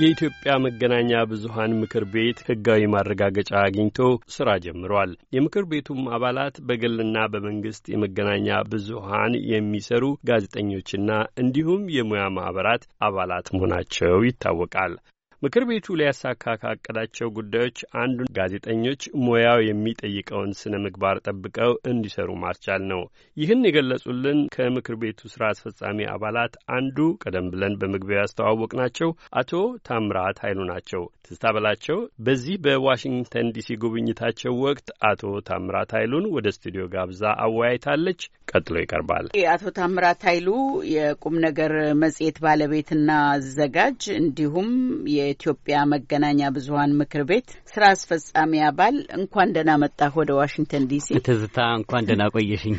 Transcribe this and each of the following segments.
የኢትዮጵያ መገናኛ ብዙሃን ምክር ቤት ሕጋዊ ማረጋገጫ አግኝቶ ስራ ጀምሯል። የምክር ቤቱም አባላት በግልና በመንግስት የመገናኛ ብዙሃን የሚሰሩ ጋዜጠኞችና እንዲሁም የሙያ ማህበራት አባላት መሆናቸው ይታወቃል። ምክር ቤቱ ሊያሳካ ካቀዳቸው ጉዳዮች አንዱ ጋዜጠኞች ሙያው የሚጠይቀውን ስነ ምግባር ጠብቀው እንዲሰሩ ማስቻል ነው። ይህን የገለጹልን ከምክር ቤቱ ስራ አስፈጻሚ አባላት አንዱ ቀደም ብለን በመግቢያው ያስተዋወቅ ናቸው አቶ ታምራት ኃይሉ ናቸው። ትዝታ በላቸው በዚህ በዋሽንግተን ዲሲ ጉብኝታቸው ወቅት አቶ ታምራት ኃይሉን ወደ ስቱዲዮ ጋብዛ አወያይታለች። ቀጥሎ ይቀርባል። አቶ ታምራት ኃይሉ የቁም ነገር መጽሔት ባለቤትና አዘጋጅ እንዲሁም የ የኢትዮጵያ መገናኛ ብዙኃን ምክር ቤት ስራ አስፈጻሚ አባል፣ እንኳን ደህና መጣህ ወደ ዋሽንግተን ዲሲ። ትዝታ እንኳን ደህና ቆየሽኝ።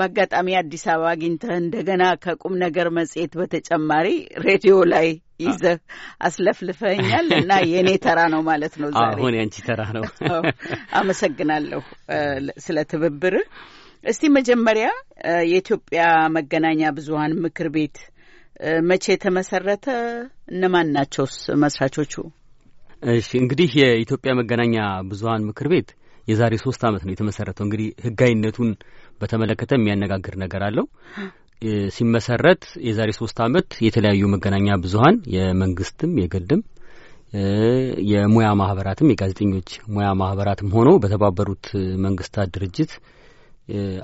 በአጋጣሚ አዲስ አበባ አግኝተህ እንደገና ከቁም ነገር መጽሔት በተጨማሪ ሬዲዮ ላይ ይዘህ አስለፍልፈኛል እና የእኔ ተራ ነው ማለት ነው ዛሬ። አሁን ያንቺ ተራ ነው። አመሰግናለሁ ስለ ትብብር። እስቲ መጀመሪያ የኢትዮጵያ መገናኛ ብዙኃን ምክር ቤት መቼ የተመሰረተ? እነማን ናቸውስ መስራቾቹ? እሺ እንግዲህ የኢትዮጵያ መገናኛ ብዙሀን ምክር ቤት የዛሬ ሶስት አመት ነው የተመሰረተው። እንግዲህ ህጋዊነቱን በተመለከተ የሚያነጋግር ነገር አለው። ሲመሰረት የዛሬ ሶስት አመት የተለያዩ መገናኛ ብዙሀን የመንግስትም የግልም የሙያ ማህበራትም የጋዜጠኞች ሙያ ማህበራትም ሆኖ በተባበሩት መንግስታት ድርጅት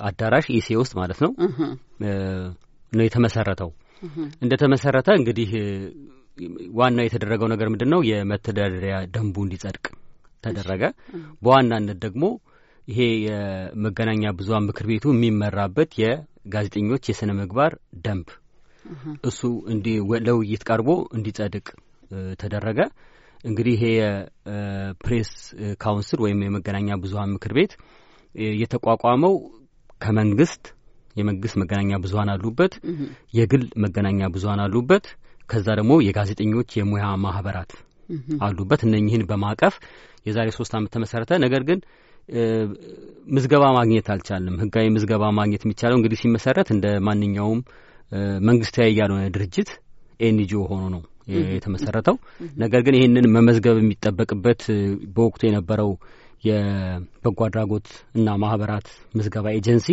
አዳራሽ ኢሲኤ ውስጥ ማለት ነው ነው የተመሰረተው። እንደ ተመሰረተ እንግዲህ ዋናው የተደረገው ነገር ምንድን ነው? የመተዳደሪያ ደንቡ እንዲጸድቅ ተደረገ። በዋናነት ደግሞ ይሄ የመገናኛ ብዙኃን ምክር ቤቱ የሚመራበት የጋዜጠኞች የስነ ምግባር ደንብ እሱ እንዲ ለውይይት ቀርቦ እንዲጸድቅ ተደረገ። እንግዲህ ይሄ የፕሬስ ካውንስል ወይም የመገናኛ ብዙኃን ምክር ቤት የተቋቋመው ከመንግስት የመንግስት መገናኛ ብዙሀን አሉበት፣ የግል መገናኛ ብዙሀን አሉበት። ከዛ ደግሞ የጋዜጠኞች የሙያ ማህበራት አሉበት። እነኚህን በማቀፍ የዛሬ ሶስት ዓመት ተመሰረተ። ነገር ግን ምዝገባ ማግኘት አልቻለም። ህጋዊ ምዝገባ ማግኘት የሚቻለው እንግዲህ ሲመሰረት እንደ ማንኛውም መንግስታዊ ያልሆነ ድርጅት ኤንጂኦ ሆኖ ነው የተመሰረተው። ነገር ግን ይህንን መመዝገብ የሚጠበቅበት በወቅቱ የነበረው የበጎ አድራጎት እና ማህበራት ምዝገባ ኤጀንሲ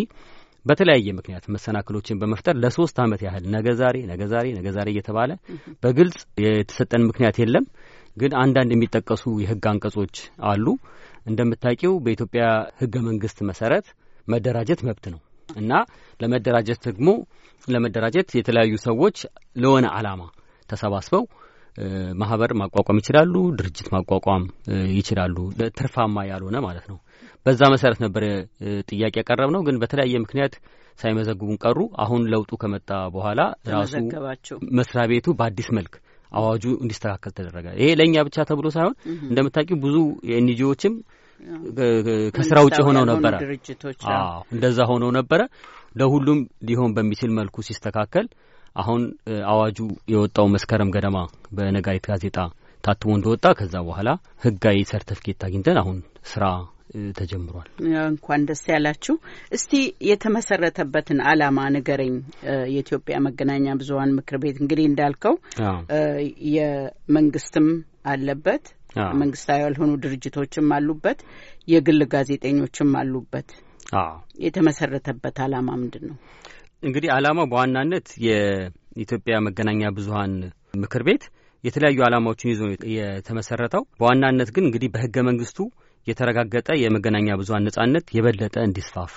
በተለያየ ምክንያት መሰናክሎችን በመፍጠር ለሶስት ዓመት ያህል ነገ ዛሬ ነገ ዛሬ ነገ ዛሬ እየተባለ በግልጽ የተሰጠን ምክንያት የለም። ግን አንዳንድ የሚጠቀሱ የህግ አንቀጾች አሉ። እንደምታውቂው በኢትዮጵያ ህገ መንግስት መሰረት መደራጀት መብት ነው እና ለመደራጀት ደግሞ ለመደራጀት የተለያዩ ሰዎች ለሆነ አላማ ተሰባስበው ማህበር ማቋቋም ይችላሉ፣ ድርጅት ማቋቋም ይችላሉ፣ ትርፋማ ያልሆነ ማለት ነው። በዛ መሰረት ነበር ጥያቄ ያቀረብ ነው። ግን በተለያየ ምክንያት ሳይመዘግቡን ቀሩ። አሁን ለውጡ ከመጣ በኋላ ራሱ መስሪያ ቤቱ በአዲስ መልክ አዋጁ እንዲስተካከል ተደረገ። ይሄ ለእኛ ብቻ ተብሎ ሳይሆን እንደምታውቂው ብዙ የኤንጂኦዎችም ከስራ ውጭ ሆነው ነበረ። እንደዛ ሆነው ነበረ። ለሁሉም ሊሆን በሚችል መልኩ ሲስተካከል አሁን አዋጁ የወጣው መስከረም ገደማ በነጋሪት ጋዜጣ ታትሞ እንደወጣ ከዛ በኋላ ህጋዊ ሰርተፍኬት አግኝተን አሁን ስራ ተጀምሯል። እንኳን ደስ ያላችሁ። እስቲ የተመሰረተበትን አላማ ንገረኝ። የኢትዮጵያ መገናኛ ብዙኃን ምክር ቤት እንግዲህ እንዳልከው የመንግስትም አለበት፣ መንግስታዊ ያልሆኑ ድርጅቶችም አሉበት፣ የግል ጋዜጠኞችም አሉበት። የተመሰረተበት አላማ ምንድን ነው? እንግዲህ አላማው በዋናነት የኢትዮጵያ መገናኛ ብዙኃን ምክር ቤት የተለያዩ አላማዎችን ይዞ የተመሰረተው በዋናነት ግን እንግዲህ በህገ መንግስቱ የተረጋገጠ የመገናኛ ብዙሀን ነጻነት የበለጠ እንዲስፋፋ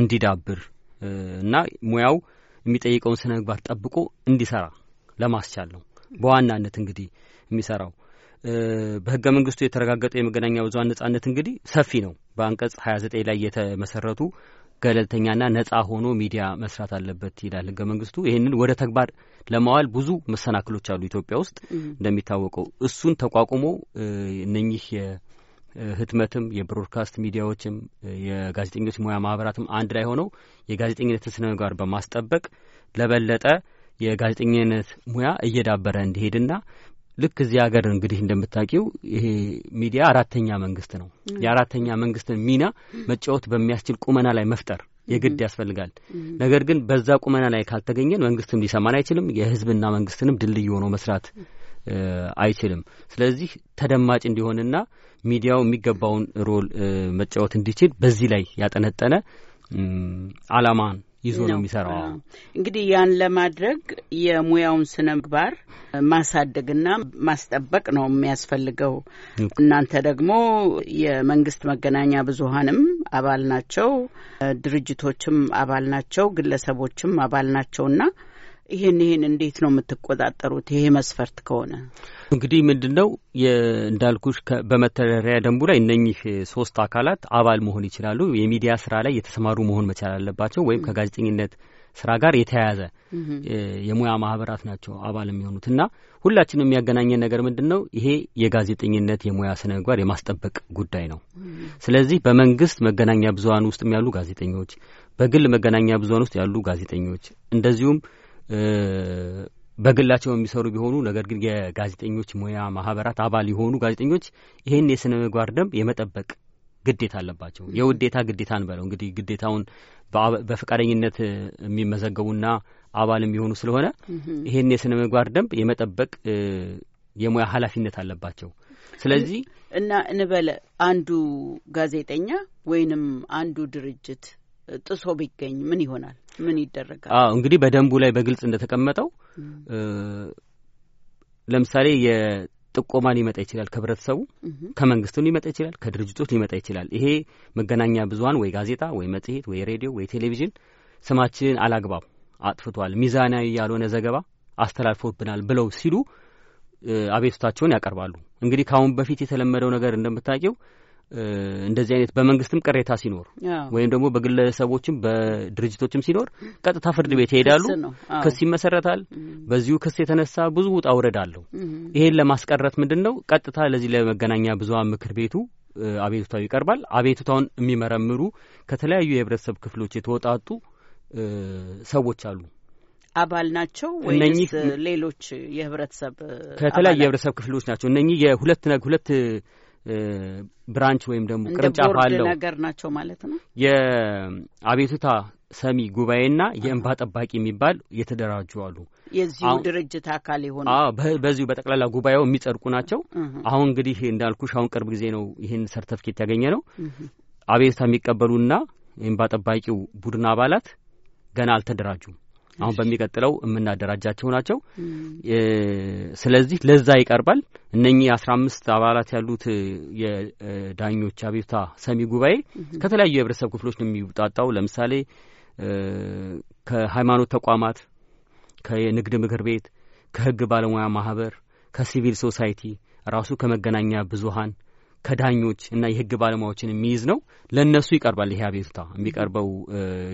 እንዲዳብር እና ሙያው የሚጠይቀውን ስነ ምግባር ጠብቆ እንዲሰራ ለማስቻል ነው በዋናነት እንግዲህ የሚሰራው። በህገ መንግስቱ የተረጋገጠው የመገናኛ ብዙሀን ነጻነት እንግዲህ ሰፊ ነው። በአንቀጽ 29 ላይ የተመሰረቱ ገለልተኛና ነጻ ሆኖ ሚዲያ መስራት አለበት ይላል ህገ መንግስቱ። ይህንን ወደ ተግባር ለማዋል ብዙ መሰናክሎች አሉ ኢትዮጵያ ውስጥ እንደሚታወቀው። እሱን ተቋቁሞ እነኚህ ህትመትም የብሮድካስት ሚዲያዎችም የጋዜጠኞች ሙያ ማህበራትም አንድ ላይ ሆነው የጋዜጠኝነትን ስነ ምግባር በማስጠበቅ ለበለጠ የጋዜጠኝነት ሙያ እየዳበረ እንዲሄድና ልክ እዚህ ሀገር እንግዲህ እንደምታውቂው ይሄ ሚዲያ አራተኛ መንግስት ነው። የአራተኛ መንግስትን ሚና መጫወት በሚያስችል ቁመና ላይ መፍጠር የግድ ያስፈልጋል። ነገር ግን በዛ ቁመና ላይ ካልተገኘን መንግስትም ሊሰማን አይችልም። የህዝብና መንግስትንም ድልድይ ሆኖ መስራት አይችልም። ስለዚህ ተደማጭ እንዲሆንና ሚዲያው የሚገባውን ሮል መጫወት እንዲችል በዚህ ላይ ያጠነጠነ አላማን ይዞ ነው የሚሰራው። እንግዲህ ያን ለማድረግ የሙያውን ስነ ምግባር ማሳደግና ማስጠበቅ ነው የሚያስፈልገው። እናንተ ደግሞ የመንግስት መገናኛ ብዙሀንም አባል ናቸው፣ ድርጅቶችም አባል ናቸው፣ ግለሰቦችም አባል ናቸውና ይህን ይህን እንዴት ነው የምትቆጣጠሩት? ይሄ መስፈርት ከሆነ እንግዲህ ምንድን ነው እንዳልኩሽ በመተዳደሪያ ደንቡ ላይ እነኚህ ሶስት አካላት አባል መሆን ይችላሉ። የሚዲያ ስራ ላይ የተሰማሩ መሆን መቻል አለባቸው ወይም ከጋዜጠኝነት ስራ ጋር የተያያዘ የሙያ ማህበራት ናቸው አባል የሚሆኑት እና ሁላችንም የሚያገናኘን ነገር ምንድን ነው? ይሄ የጋዜጠኝነት የሙያ ስነ ምግባር የማስጠበቅ ጉዳይ ነው። ስለዚህ በመንግስት መገናኛ ብዙሀን ውስጥም ያሉ ጋዜጠኞች፣ በግል መገናኛ ብዙሀን ውስጥ ያሉ ጋዜጠኞች እንደዚሁም በግላቸው የሚሰሩ ቢሆኑ ነገር ግን የጋዜጠኞች ሙያ ማህበራት አባል የሆኑ ጋዜጠኞች ይህን የስነ ምግባር ደንብ የመጠበቅ ግዴታ አለባቸው። የውዴታ ግዴታ እንበለው እንግዲህ ግዴታውን በፈቃደኝነት የሚመዘገቡና አባል የሚሆኑ ስለሆነ ይህን የስነ ምግባር ደንብ የመጠበቅ የሙያ ኃላፊነት አለባቸው። ስለዚህ እና እንበለ አንዱ ጋዜጠኛ ወይንም አንዱ ድርጅት ጥሶ ቢገኝ ምን ይሆናል? ምን ይደረጋል? አዎ እንግዲህ በደንቡ ላይ በግልጽ እንደተቀመጠው ለምሳሌ የጥቆማ ሊመጣ ይችላል ከህብረተሰቡ፣ ከመንግስትም ሊመጣ ይችላል፣ ከድርጅቶች ሊመጣ ይችላል። ይሄ መገናኛ ብዙሀን ወይ ጋዜጣ ወይ መጽሔት ወይ ሬዲዮ ወይ ቴሌቪዥን ስማችንን አላግባብ አጥፍቷል፣ ሚዛናዊ ያልሆነ ዘገባ አስተላልፎብናል ብለው ሲሉ አቤቱታቸውን ያቀርባሉ። እንግዲህ ከአሁን በፊት የተለመደው ነገር እንደምታውቂው እንደዚህ አይነት በመንግስትም ቅሬታ ሲኖር ወይም ደግሞ በግለሰቦችም በድርጅቶችም ሲኖር ቀጥታ ፍርድ ቤት ይሄዳሉ። ክስ ይመሰረታል። በዚሁ ክስ የተነሳ ብዙ ውጣ ውረድ አለው። ይሄን ለማስቀረት ምንድን ነው ቀጥታ ለዚህ ለመገናኛ ብዙሃን ምክር ቤቱ አቤቱታው ይቀርባል። አቤቱታውን የሚመረምሩ ከተለያዩ የህብረተሰብ ክፍሎች የተወጣጡ ሰዎች አሉ። አባል ናቸው ወይስ ሌሎች የህብረተሰብ ከተለያዩ የህብረተሰብ ክፍሎች ናቸው? እነኚህ የሁለት ሁለት ብራንች ወይም ደግሞ ቅርንጫፍ አለው ነገር ናቸው ማለት ነው። የአቤቱታ ሰሚ ጉባኤና የእንባ ጠባቂ የሚባል የተደራጁ አሉ። የዚሁ ድርጅት አካል የሆነ በዚሁ በጠቅላላ ጉባኤው የሚጸድቁ ናቸው። አሁን እንግዲህ እንዳልኩሽ አሁን ቅርብ ጊዜ ነው ይህን ሰርተፍኬት ያገኘ ነው። አቤቱታ የሚቀበሉና የእንባ ጠባቂው ቡድን አባላት ገና አልተደራጁም። አሁን በሚቀጥለው የምናደራጃቸው ናቸው። ስለዚህ ለዛ ይቀርባል። እነኚህ አስራ አምስት አባላት ያሉት የዳኞች አቤቱታ ሰሚ ጉባኤ ከተለያዩ የህብረተሰብ ክፍሎች ነው የሚውጣጣው። ለምሳሌ ከሃይማኖት ተቋማት፣ ከንግድ ምክር ቤት፣ ከህግ ባለሙያ ማህበር፣ ከሲቪል ሶሳይቲ ራሱ ከመገናኛ ብዙሀን ከዳኞች እና የህግ ባለሙያዎችን የሚይዝ ነው። ለእነሱ ይቀርባል። ይሄ አቤቱታ የሚቀርበው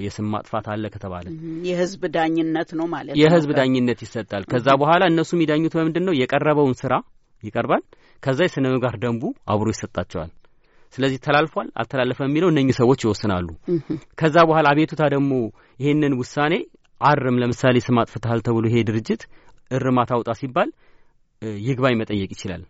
የስም ማጥፋት አለ ከተባለ የህዝብ ዳኝነት ነው ማለት የህዝብ ዳኝነት ይሰጣል። ከዛ በኋላ እነሱ የሚዳኙት በምንድን ነው? የቀረበውን ስራ ይቀርባል። ከዛ የስነ ምግባር ደንቡ አብሮ ይሰጣቸዋል። ስለዚህ ተላልፏል አልተላለፈ የሚለው እነኚህ ሰዎች ይወስናሉ። ከዛ በኋላ አቤቱታ ደግሞ ይሄንን ውሳኔ አርም፣ ለምሳሌ ስም አጥፍተሃል ተብሎ ይሄ ድርጅት እርማት አውጣ ሲባል ይግባኝ መጠየቅ ይችላል።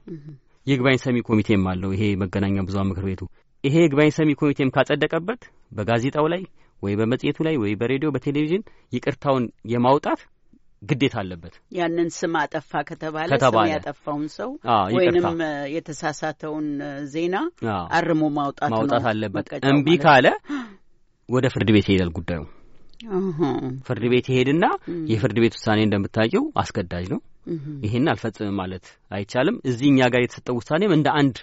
ይግባኝ ሰሚ ኮሚቴም አለው። ይሄ መገናኛ ብዙሃን ምክር ቤቱ ይሄ ይግባኝ ሰሚ ኮሚቴም ካጸደቀበት በጋዜጣው ላይ ወይ በመጽሔቱ ላይ ወይ በሬዲዮ በቴሌቪዥን ይቅርታውን የማውጣት ግዴታ አለበት። ያንን ስም አጠፋ ከተባለ ስም ያጠፋውን ሰው ወይንም የተሳሳተውን ዜና አርሞ ማውጣት ማውጣት አለበት። እምቢ ካለ ወደ ፍርድ ቤት ይሄዳል ጉዳዩ። ፍርድ ቤት ይሄድና የፍርድ ቤት ውሳኔ እንደምታውቂው አስገዳጅ ነው። ይሄን አልፈጽምም ማለት አይቻልም። እዚህ እኛ ጋር የተሰጠው ውሳኔም እንደ አንድ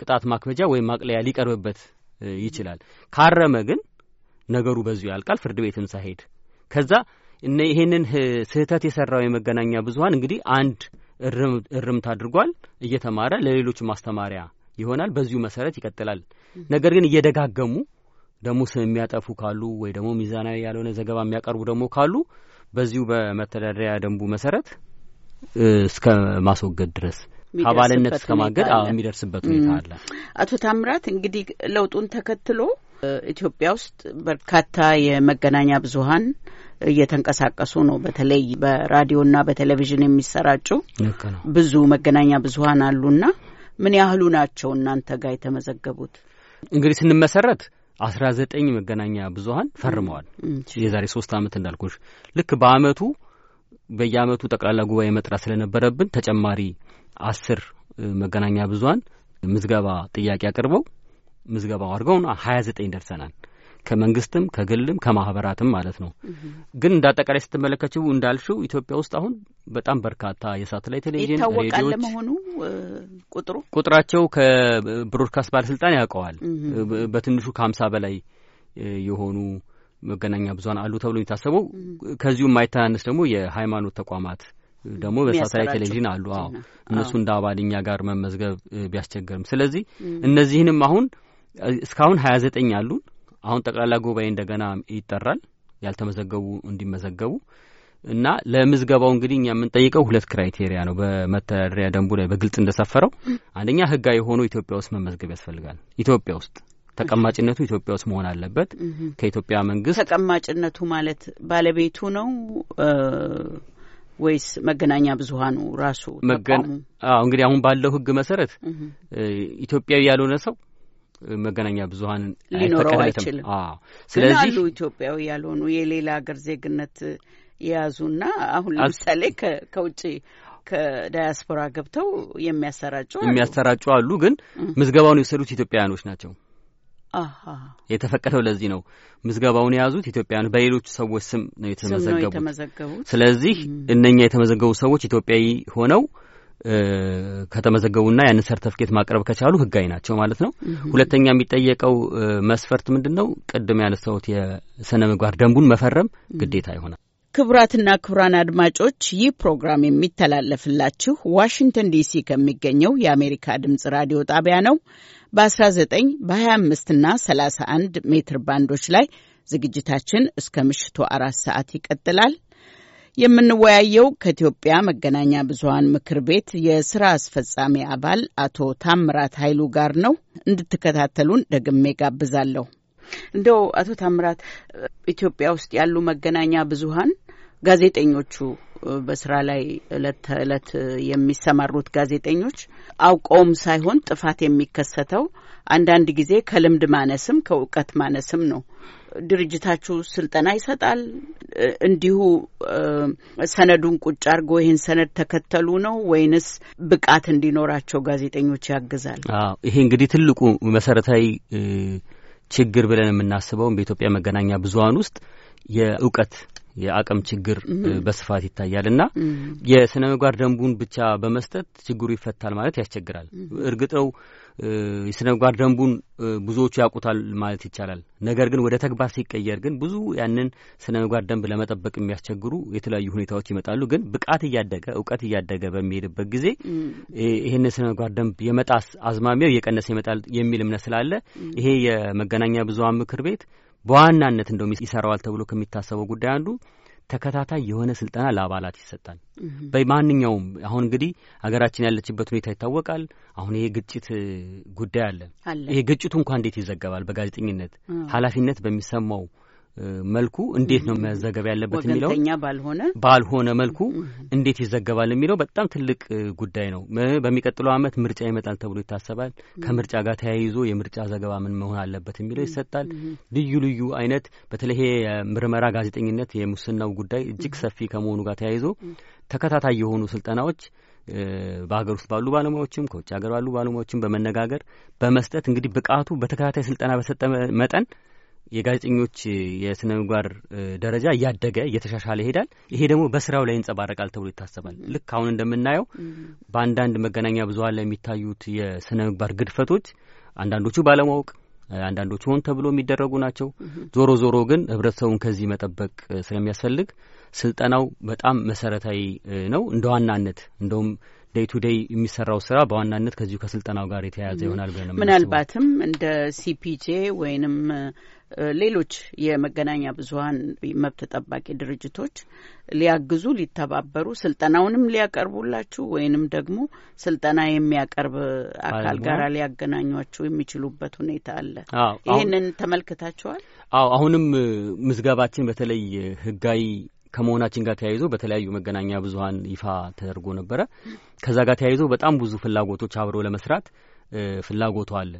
ቅጣት ማክበጃ ወይም ማቅለያ ሊቀርብበት ይችላል። ካረመ ግን ነገሩ በዚሁ ያልቃል፣ ፍርድ ቤትም ሳይሄድ ከዛ እነ ይሄንን ስህተት የሰራው የመገናኛ ብዙኃን እንግዲህ አንድ እርምት አድርጓል፣ እየተማረ ለሌሎች ማስተማሪያ ይሆናል። በዚሁ መሰረት ይቀጥላል። ነገር ግን እየደጋገሙ ደግሞ ስም የሚያጠፉ ካሉ ወይ ደግሞ ሚዛናዊ ያልሆነ ዘገባ የሚያቀርቡ ደግሞ ካሉ በዚሁ በመተዳደሪያ ደንቡ መሰረት እስከ ማስወገድ ድረስ ከአባልነት እስከ ማገድ የሚደርስበት ሁኔታ አለ። አቶ ታምራት እንግዲህ ለውጡን ተከትሎ ኢትዮጵያ ውስጥ በርካታ የመገናኛ ብዙኃን እየተንቀሳቀሱ ነው። በተለይ በራዲዮና በቴሌቪዥን የሚሰራጩ ብዙ መገናኛ ብዙኃን አሉና ምን ያህሉ ናቸው እናንተ ጋር የተመዘገቡት? እንግዲህ ስንመሰረት አስራ ዘጠኝ መገናኛ ብዙኃን ፈርመዋል። የዛሬ ሶስት አመት እንዳልኩሽ ልክ በአመቱ በየአመቱ ጠቅላላ ጉባኤ መጥራት ስለነበረብን ተጨማሪ አስር መገናኛ ብዙሀን ምዝገባ ጥያቄ አቅርበው ምዝገባው አድርገው ሀያ ዘጠኝ ደርሰናል። ከመንግስትም ከግልም ከማህበራትም ማለት ነው። ግን እንደ አጠቃላይ ስትመለከችው እንዳልሽው ኢትዮጵያ ውስጥ አሁን በጣም በርካታ የሳተላይት ቴሌቪዥን ይታወቃል። ቁጥሩ ቁጥራቸው ከብሮድካስት ባለስልጣን ያውቀዋል። በትንሹ ከሀምሳ በላይ የሆኑ መገናኛ ብዙሀን አሉ ተብሎ የሚታሰበው ከዚሁ የማይተናነስ ደግሞ የሃይማኖት ተቋማት ደግሞ በሳተላይት ቴሌቪዥን አሉ። አዎ እነሱ እንደ አባል እኛ ጋር መመዝገብ ቢያስቸግርም፣ ስለዚህ እነዚህንም አሁን እስካሁን ሀያ ዘጠኝ አሉ። አሁን ጠቅላላ ጉባኤ እንደገና ይጠራል ያልተመዘገቡ እንዲመዘገቡ እና ለምዝገባው እንግዲህ እኛ የምንጠይቀው ሁለት ክራይቴሪያ ነው። በመተዳደሪያ ደንቡ ላይ በግልጽ እንደሰፈረው አንደኛ ህጋዊ ሆኖ ኢትዮጵያ ውስጥ መመዝገብ ያስፈልጋል። ኢትዮጵያ ውስጥ ተቀማጭነቱ ኢትዮጵያ ውስጥ መሆን አለበት። ከኢትዮጵያ መንግስት ተቀማጭነቱ ማለት ባለቤቱ ነው ወይስ መገናኛ ብዙሀኑ ራሱ አዎ እንግዲህ አሁን ባለው ህግ መሰረት ኢትዮጵያዊ ያልሆነ ሰው መገናኛ ብዙሀንን ሊኖረው አይችልም። ስለዚህ ኢትዮጵያዊ ያልሆኑ የሌላ ሀገር ዜግነት የያዙና አሁን ለምሳሌ ከውጭ ከዳያስፖራ ገብተው የሚያሰራጩ የሚያሰራጩ አሉ። ግን ምዝገባውን የወሰዱት ኢትዮጵያውያኖች ናቸው። የተፈቀደው ለዚህ ነው። ምዝገባውን የያዙት ኢትዮጵያን በሌሎች ሰዎች ስም ነው የተመዘገቡት። ስለዚህ እነኛ የተመዘገቡ ሰዎች ኢትዮጵያዊ ሆነው ከተመዘገቡና ያንን ሰርተፍኬት ማቅረብ ከቻሉ ህጋዊ ናቸው ማለት ነው። ሁለተኛ የሚጠየቀው መስፈርት ምንድን ነው? ቅድም ያነሳሁት የስነ ምግባር ደንቡን መፈረም ግዴታ ይሆናል። ክቡራትና ክቡራን አድማጮች ይህ ፕሮግራም የሚተላለፍላችሁ ዋሽንግተን ዲሲ ከሚገኘው የአሜሪካ ድምጽ ራዲዮ ጣቢያ ነው። በ19 በ25 እና 31 ሜትር ባንዶች ላይ ዝግጅታችን እስከ ምሽቱ አራት ሰዓት ይቀጥላል። የምንወያየው ከኢትዮጵያ መገናኛ ብዙኃን ምክር ቤት የስራ አስፈጻሚ አባል አቶ ታምራት ኃይሉ ጋር ነው። እንድትከታተሉን ደግሜ ጋብዛለሁ። እንደው አቶ ታምራት ኢትዮጵያ ውስጥ ያሉ መገናኛ ብዙኃን ጋዜጠኞቹ በስራ ላይ እለት ተእለት የሚሰማሩት ጋዜጠኞች አውቀውም ሳይሆን ጥፋት የሚከሰተው አንዳንድ ጊዜ ከልምድ ማነስም ከእውቀት ማነስም ነው። ድርጅታችሁ ስልጠና ይሰጣል? እንዲሁ ሰነዱን ቁጭ አድርጎ ይህን ሰነድ ተከተሉ ነው ወይንስ ብቃት እንዲኖራቸው ጋዜጠኞች ያግዛል? ይሄ እንግዲህ ትልቁ መሰረታዊ ችግር ብለን የምናስበውም በኢትዮጵያ መገናኛ ብዙሀን ውስጥ የእውቀት የአቅም ችግር በስፋት ይታያል እና የስነ ምግባር ደንቡን ብቻ በመስጠት ችግሩ ይፈታል ማለት ያስቸግራል። እርግጠው የስነ ምግባር ደንቡን ብዙዎቹ ያውቁታል ማለት ይቻላል። ነገር ግን ወደ ተግባር ሲቀየር ግን ብዙ ያንን ስነ ምግባር ደንብ ለመጠበቅ የሚያስቸግሩ የተለያዩ ሁኔታዎች ይመጣሉ። ግን ብቃት እያደገ እውቀት እያደገ በሚሄድበት ጊዜ ይህንን ስነ ምግባር ደንብ የመጣስ አዝማሚያው እየቀነሰ ይመጣል የሚል እምነት ስላለ ይሄ የመገናኛ ብዙሃን ምክር ቤት በዋናነት እንደውም ይሰራዋል ተብሎ ከሚታሰበው ጉዳይ አንዱ ተከታታይ የሆነ ስልጠና ለአባላት ይሰጣል። በማንኛውም አሁን እንግዲህ ሀገራችን ያለችበት ሁኔታ ይታወቃል። አሁን ይሄ ግጭት ጉዳይ አለ። ይሄ ግጭቱ እንኳ እንዴት ይዘገባል? በጋዜጠኝነት ኃላፊነት በሚሰማው መልኩ እንዴት ነው መዘገብ ያለበት የሚለው ባልሆነ ባልሆነ መልኩ እንዴት ይዘገባል የሚለው በጣም ትልቅ ጉዳይ ነው። በሚቀጥለው ዓመት ምርጫ ይመጣል ተብሎ ይታሰባል። ከምርጫ ጋር ተያይዞ የምርጫ ዘገባ ምን መሆን አለበት የሚለው ይሰጣል። ልዩ ልዩ አይነት በተለይ የምርመራ ጋዜጠኝነት የሙስናው ጉዳይ እጅግ ሰፊ ከመሆኑ ጋር ተያይዞ ተከታታይ የሆኑ ስልጠናዎች በሀገር ውስጥ ባሉ ባለሙያዎችም ከውጭ ሀገር ባሉ ባለሙያዎችም በመነጋገር በመስጠት እንግዲህ ብቃቱ በተከታታይ ስልጠና በሰጠ መጠን የጋዜጠኞች የስነ ምግባር ደረጃ እያደገ እየተሻሻለ ይሄዳል። ይሄ ደግሞ በስራው ላይ ይንጸባረቃል ተብሎ ይታሰባል። ልክ አሁን እንደምናየው በአንዳንድ መገናኛ ብዙኃን ላይ የሚታዩት የስነ ምግባር ግድፈቶች አንዳንዶቹ ባለማወቅ አንዳንዶቹ ሆን ተብሎ የሚደረጉ ናቸው። ዞሮ ዞሮ ግን ህብረተሰቡን ከዚህ መጠበቅ ስለሚያስፈልግ ስልጠናው በጣም መሰረታዊ ነው እንደ ዋናነት እንደውም ዴይ ቱ ዴይ የሚሰራው ስራ በዋናነት ከዚሁ ከስልጠናው ጋር የተያያዘ ይሆናል ብለን ምናልባትም እንደ ሲፒጄ ወይንም ሌሎች የመገናኛ ብዙኃን መብት ጠባቂ ድርጅቶች ሊያግዙ ሊተባበሩ ስልጠናውንም ሊያቀርቡላችሁ ወይንም ደግሞ ስልጠና የሚያቀርብ አካል ጋር ሊያገናኟችሁ የሚችሉበት ሁኔታ አለ። ይህንን ተመልክታችኋል? አዎ፣ አሁንም ምዝገባችን በተለይ ህጋዊ ከመሆናችን ጋር ተያይዞ በተለያዩ መገናኛ ብዙሀን ይፋ ተደርጎ ነበረ። ከዛ ጋር ተያይዞ በጣም ብዙ ፍላጎቶች አብረው ለመስራት ፍላጎቱ አለ።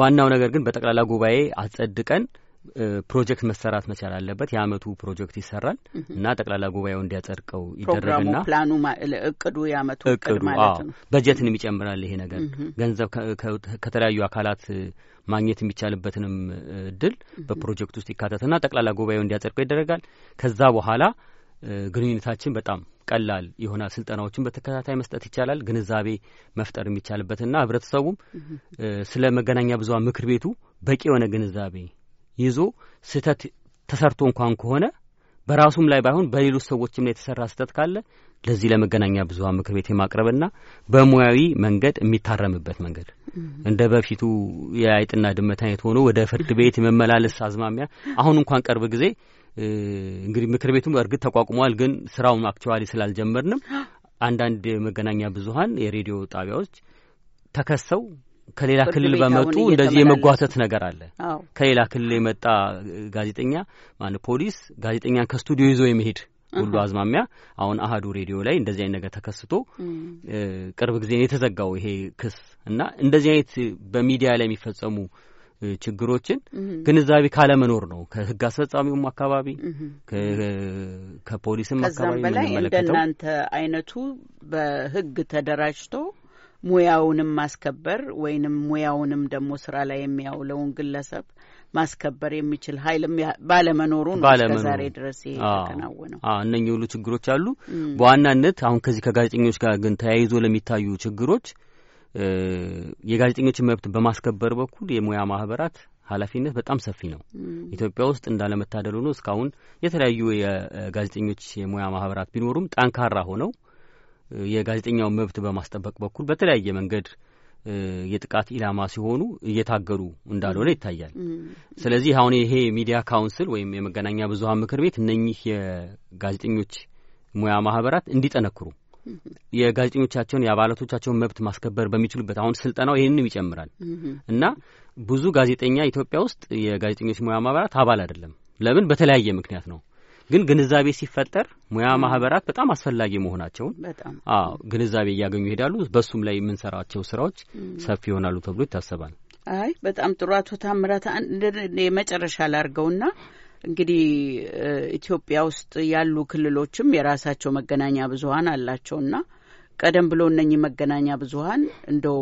ዋናው ነገር ግን በጠቅላላ ጉባኤ አጸድቀን ፕሮጀክት መሰራት መቻል አለበት። የአመቱ ፕሮጀክት ይሰራል እና ጠቅላላ ጉባኤው እንዲያጸድቀው ይደረግና ፕላኑ እቅዱ የአመቱ እቅድ ማለት ነው። ይጨምራል ይሄ ነገር ገንዘብ ከተለያዩ አካላት ማግኘት የሚቻልበትንም እድል በፕሮጀክት ውስጥ ይካተትና ጠቅላላ ጉባኤው እንዲያጸድቀው ይደረጋል። ከዛ በኋላ ግንኙነታችን በጣም ቀላል ይሆናል። ስልጠናዎችን በተከታታይ መስጠት ይቻላል። ግንዛቤ መፍጠር የሚቻልበትና ህብረተሰቡም ስለ መገናኛ ብዙኃን ምክር ቤቱ በቂ የሆነ ግንዛቤ ይዞ ስህተት ተሰርቶ እንኳን ከሆነ በራሱም ላይ ባይሆን በሌሎች ሰዎችም ላይ የተሰራ ስህተት ካለ ለዚህ ለመገናኛ ብዙሃን ምክር ቤት የማቅረብና በሙያዊ መንገድ የሚታረምበት መንገድ እንደ በፊቱ የአይጥና ድመት አይነት ሆኖ ወደ ፍርድ ቤት የመመላለስ አዝማሚያ አሁን እንኳን ቅርብ ጊዜ እንግዲህ ምክር ቤቱም እርግጥ ተቋቁሟል፣ ግን ስራውን አክቸዋሊ ስላልጀመርንም አንዳንድ መገናኛ ብዙሀን የሬዲዮ ጣቢያዎች ተከሰው ከሌላ ክልል በመጡ እንደዚህ የመጓተት ነገር አለ። ከሌላ ክልል የመጣ ጋዜጠኛ ማን ፖሊስ ጋዜጠኛን ከስቱዲዮ ይዞ የመሄድ ሁሉ አዝማሚያ አሁን አህዱ ሬዲዮ ላይ እንደዚህ አይነት ነገር ተከስቶ ቅርብ ጊዜ የተዘጋው ይሄ ክስ እና እንደዚህ አይነት በሚዲያ ላይ የሚፈጸሙ ችግሮችን ግንዛቤ ካለመኖር ነው። ከህግ አስፈጻሚውም አካባቢ ከፖሊስም አካባቢ በላይ እንደናንተ አይነቱ በህግ ተደራጅቶ ሙያውንም ማስከበር ወይንም ሙያውንም ደግሞ ስራ ላይ የሚያውለውን ግለሰብ ማስከበር የሚችል ኃይል ባለመኖሩ ነው እስከ ድረስ ይሄ የተከናወነው። እነኚህ ሁሉ ችግሮች አሉ። በዋናነት አሁን ከዚህ ከጋዜጠኞች ጋር ግን ተያይዞ ለሚታዩ ችግሮች የጋዜጠኞችን መብት በማስከበር በኩል የሙያ ማህበራት ኃላፊነት በጣም ሰፊ ነው። ኢትዮጵያ ውስጥ እንዳለመታደሉ ነው እስካሁን የተለያዩ የጋዜጠኞች የሙያ ማህበራት ቢኖሩም ጠንካራ ሆነው የጋዜጠኛው መብት በማስጠበቅ በኩል በተለያየ መንገድ የጥቃት ኢላማ ሲሆኑ እየታገሉ እንዳልሆነ ይታያል። ስለዚህ አሁን ይሄ ሚዲያ ካውንስል ወይም የመገናኛ ብዙሀን ምክር ቤት እነኚህ የጋዜጠኞች ሙያ ማህበራት እንዲጠነክሩ የጋዜጠኞቻቸውን የአባላቶቻቸውን መብት ማስከበር በሚችሉበት አሁን ስልጠናው ይህንንም ይጨምራል እና ብዙ ጋዜጠኛ ኢትዮጵያ ውስጥ የጋዜጠኞች ሙያ ማህበራት አባል አይደለም። ለምን? በተለያየ ምክንያት ነው። ግን ግንዛቤ ሲፈጠር ሙያ ማህበራት በጣም አስፈላጊ መሆናቸውን አዎ ግንዛቤ እያገኙ ይሄዳሉ። በሱም ላይ የምንሰራቸው ስራዎች ሰፊ ይሆናሉ ተብሎ ይታሰባል። አይ በጣም ጥሩ አቶ ታምራት የመጨረሻ ላርገውና እንግዲህ ኢትዮጵያ ውስጥ ያሉ ክልሎችም የራሳቸው መገናኛ ብዙኃን አላቸውና ቀደም ብሎ እነኚህ መገናኛ ብዙኃን እንደው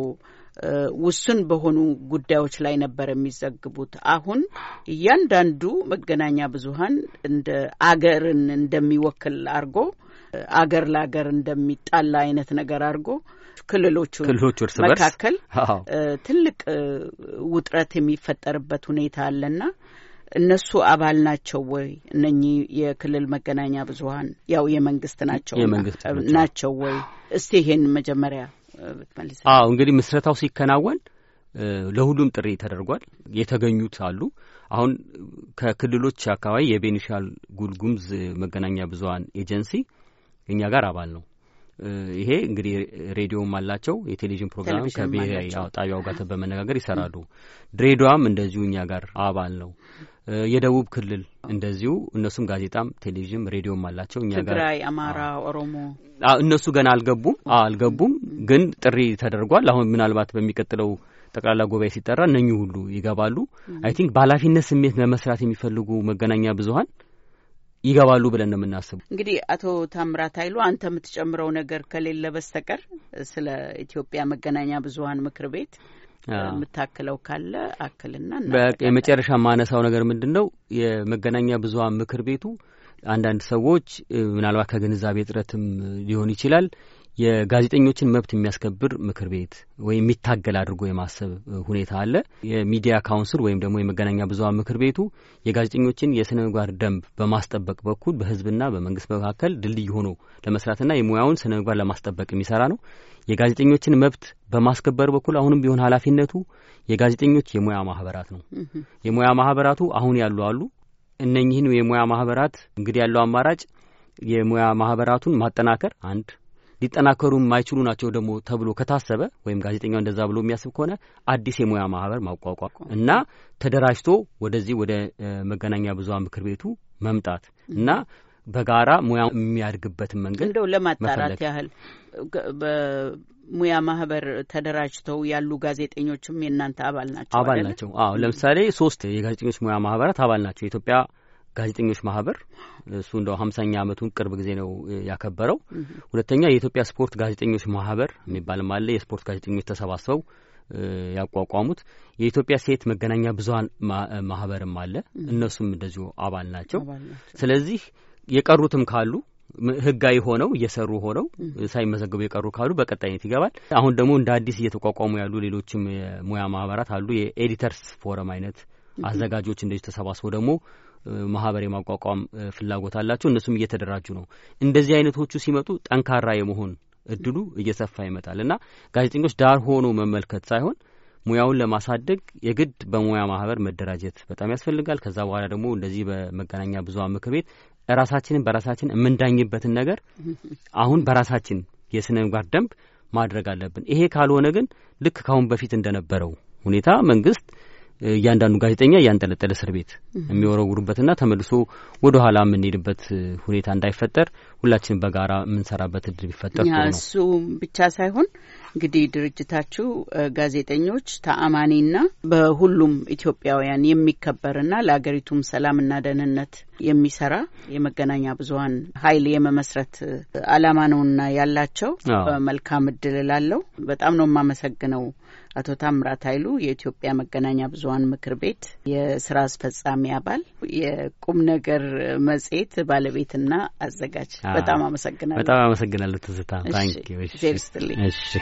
ውስን በሆኑ ጉዳዮች ላይ ነበር የሚዘግቡት። አሁን እያንዳንዱ መገናኛ ብዙኃን እንደ አገርን እንደሚወክል አድርጎ አገር ለአገር እንደሚጣላ አይነት ነገር አድርጎ ክልሎቹ መካከል ትልቅ ውጥረት የሚፈጠርበት ሁኔታ አለና እነሱ አባል ናቸው ወይ? እነኚህ የክልል መገናኛ ብዙኃን ያው የመንግስት ናቸው ናቸው ወይ? እስቲ ይሄን መጀመሪያ ብትመልስ። አዎ እንግዲህ ምስረታው ሲከናወን ለሁሉም ጥሪ ተደርጓል። የተገኙት አሉ። አሁን ከክልሎች አካባቢ የቤኒሻል ጉሙዝ መገናኛ ብዙኃን ኤጀንሲ እኛ ጋር አባል ነው። ይሄ እንግዲህ ሬዲዮም አላቸው የቴሌቪዥን ፕሮግራም ከብሔራዊ ጣቢያው ጋር በመነጋገር ይሰራሉ። ድሬዳዋም እንደዚሁ እኛ ጋር አባል ነው። የደቡብ ክልል እንደዚሁ እነሱም ጋዜጣም ቴሌቪዥን ሬዲዮም አላቸው። እኛ ጋር ትግራይ፣ አማራ፣ ኦሮሞ እነሱ ገና አልገቡም አልገቡም፣ ግን ጥሪ ተደርጓል። አሁን ምናልባት በሚቀጥለው ጠቅላላ ጉባኤ ሲጠራ እነኚህ ሁሉ ይገባሉ። አይ ቲንክ በኃላፊነት ስሜት ለመስራት የሚፈልጉ መገናኛ ብዙሀን ይገባሉ ብለን ነው የምናስበው። እንግዲህ አቶ ታምራት ኃይሉ አንተ የምትጨምረው ነገር ከሌለ በስተቀር ስለ ኢትዮጵያ መገናኛ ብዙኃን ምክር ቤት የምታክለው ካለ አክልና። የመጨረሻ ማነሳው ነገር ምንድን ነው? የመገናኛ ብዙኃን ምክር ቤቱ አንዳንድ ሰዎች ምናልባት ከግንዛቤ እጥረትም ሊሆን ይችላል የጋዜጠኞችን መብት የሚያስከብር ምክር ቤት ወይም የሚታገል አድርጎ የማሰብ ሁኔታ አለ። የሚዲያ ካውንስል ወይም ደግሞ የመገናኛ ብዙሃን ምክር ቤቱ የጋዜጠኞችን የስነ ምግባር ደንብ በማስጠበቅ በኩል በህዝብና በመንግስት መካከል ድልድይ ሆኖ ለመስራትና የሙያውን ስነ ምግባር ለማስጠበቅ የሚሰራ ነው። የጋዜጠኞችን መብት በማስከበር በኩል አሁንም ቢሆን ኃላፊነቱ የጋዜጠኞች የሙያ ማህበራት ነው። የሙያ ማህበራቱ አሁን ያሉ አሉ። እነኚህን የሙያ ማህበራት እንግዲህ ያለው አማራጭ የሙያ ማህበራቱን ማጠናከር አንድ ሊጠናከሩ የማይችሉ ናቸው ደግሞ ተብሎ ከታሰበ ወይም ጋዜጠኛው እንደዛ ብሎ የሚያስብ ከሆነ አዲስ የሙያ ማህበር ማቋቋም እና ተደራጅቶ ወደዚህ ወደ መገናኛ ብዙሃን ምክር ቤቱ መምጣት እና በጋራ ሙያ የሚያድግበትን መንገድ እንደው ለማጣራት ያህል በሙያ ማህበር ተደራጅተው ያሉ ጋዜጠኞችም የእናንተ አባል ናቸው? አባል ናቸው። አዎ። ለምሳሌ ሶስት የጋዜጠኞች ሙያ ማህበራት አባል ናቸው። የኢትዮጵያ ጋዜጠኞች ማህበር እሱ እንደው ሀምሳኛ ዓመቱን ቅርብ ጊዜ ነው ያከበረው። ሁለተኛ የኢትዮጵያ ስፖርት ጋዜጠኞች ማህበር የሚባልም አለ። የስፖርት ጋዜጠኞች ተሰባስበው ያቋቋሙት የኢትዮጵያ ሴት መገናኛ ብዙሀን ማህበርም አለ። እነሱም እንደዚሁ አባል ናቸው። ስለዚህ የቀሩትም ካሉ ህጋዊ ሆነው እየሰሩ ሆነው ሳይመዘገቡ የቀሩ ካሉ በቀጣይነት ይገባል። አሁን ደግሞ እንደ አዲስ እየተቋቋሙ ያሉ ሌሎችም የሙያ ማህበራት አሉ። የኤዲተርስ ፎረም አይነት አዘጋጆች እንደዚሁ ተሰባስበው ደግሞ ማህበር የማቋቋም ፍላጎት አላቸው። እነሱም እየተደራጁ ነው። እንደዚህ አይነቶቹ ሲመጡ ጠንካራ የመሆን እድሉ እየሰፋ ይመጣል እና ጋዜጠኞች ዳር ሆኖ መመልከት ሳይሆን ሙያውን ለማሳደግ የግድ በሙያ ማህበር መደራጀት በጣም ያስፈልጋል። ከዛ በኋላ ደግሞ እንደዚህ በመገናኛ ብዙኃን ምክር ቤት ራሳችንን በራሳችን የምንዳኝበትን ነገር አሁን በራሳችን የስነ ምግባር ደንብ ማድረግ አለብን። ይሄ ካልሆነ ግን ልክ ካሁን በፊት እንደነበረው ሁኔታ መንግስት እያንዳንዱ ጋዜጠኛ እያንጠለጠለ እስር ቤት የሚወረውሩበትና ተመልሶ ወደ ኋላ የምንሄድበት ሁኔታ እንዳይፈጠር ሁላችንም በጋራ የምንሰራበት እድል ቢፈጠር ነው። እሱ ብቻ ሳይሆን እንግዲህ ድርጅታችሁ ጋዜጠኞች ተአማኒና በሁሉም ኢትዮጵያውያን የሚከበርና ለሀገሪቱም ሰላምና ደህንነት የሚሰራ የመገናኛ ብዙኃን ኃይል የመመስረት አላማ ነውና ያላቸው መልካም እድል ላለው በጣም ነው የማመሰግነው። አቶ ታምራት ኃይሉ የኢትዮጵያ መገናኛ ብዙኃን ምክር ቤት የስራ አስፈጻሚ አባል፣ የቁም ነገር መጽሔት ባለቤትና አዘጋጅ። በጣም አመሰግናለሁ። በጣም አመሰግናለሁ ትዝታ። ታንኪ እሺ።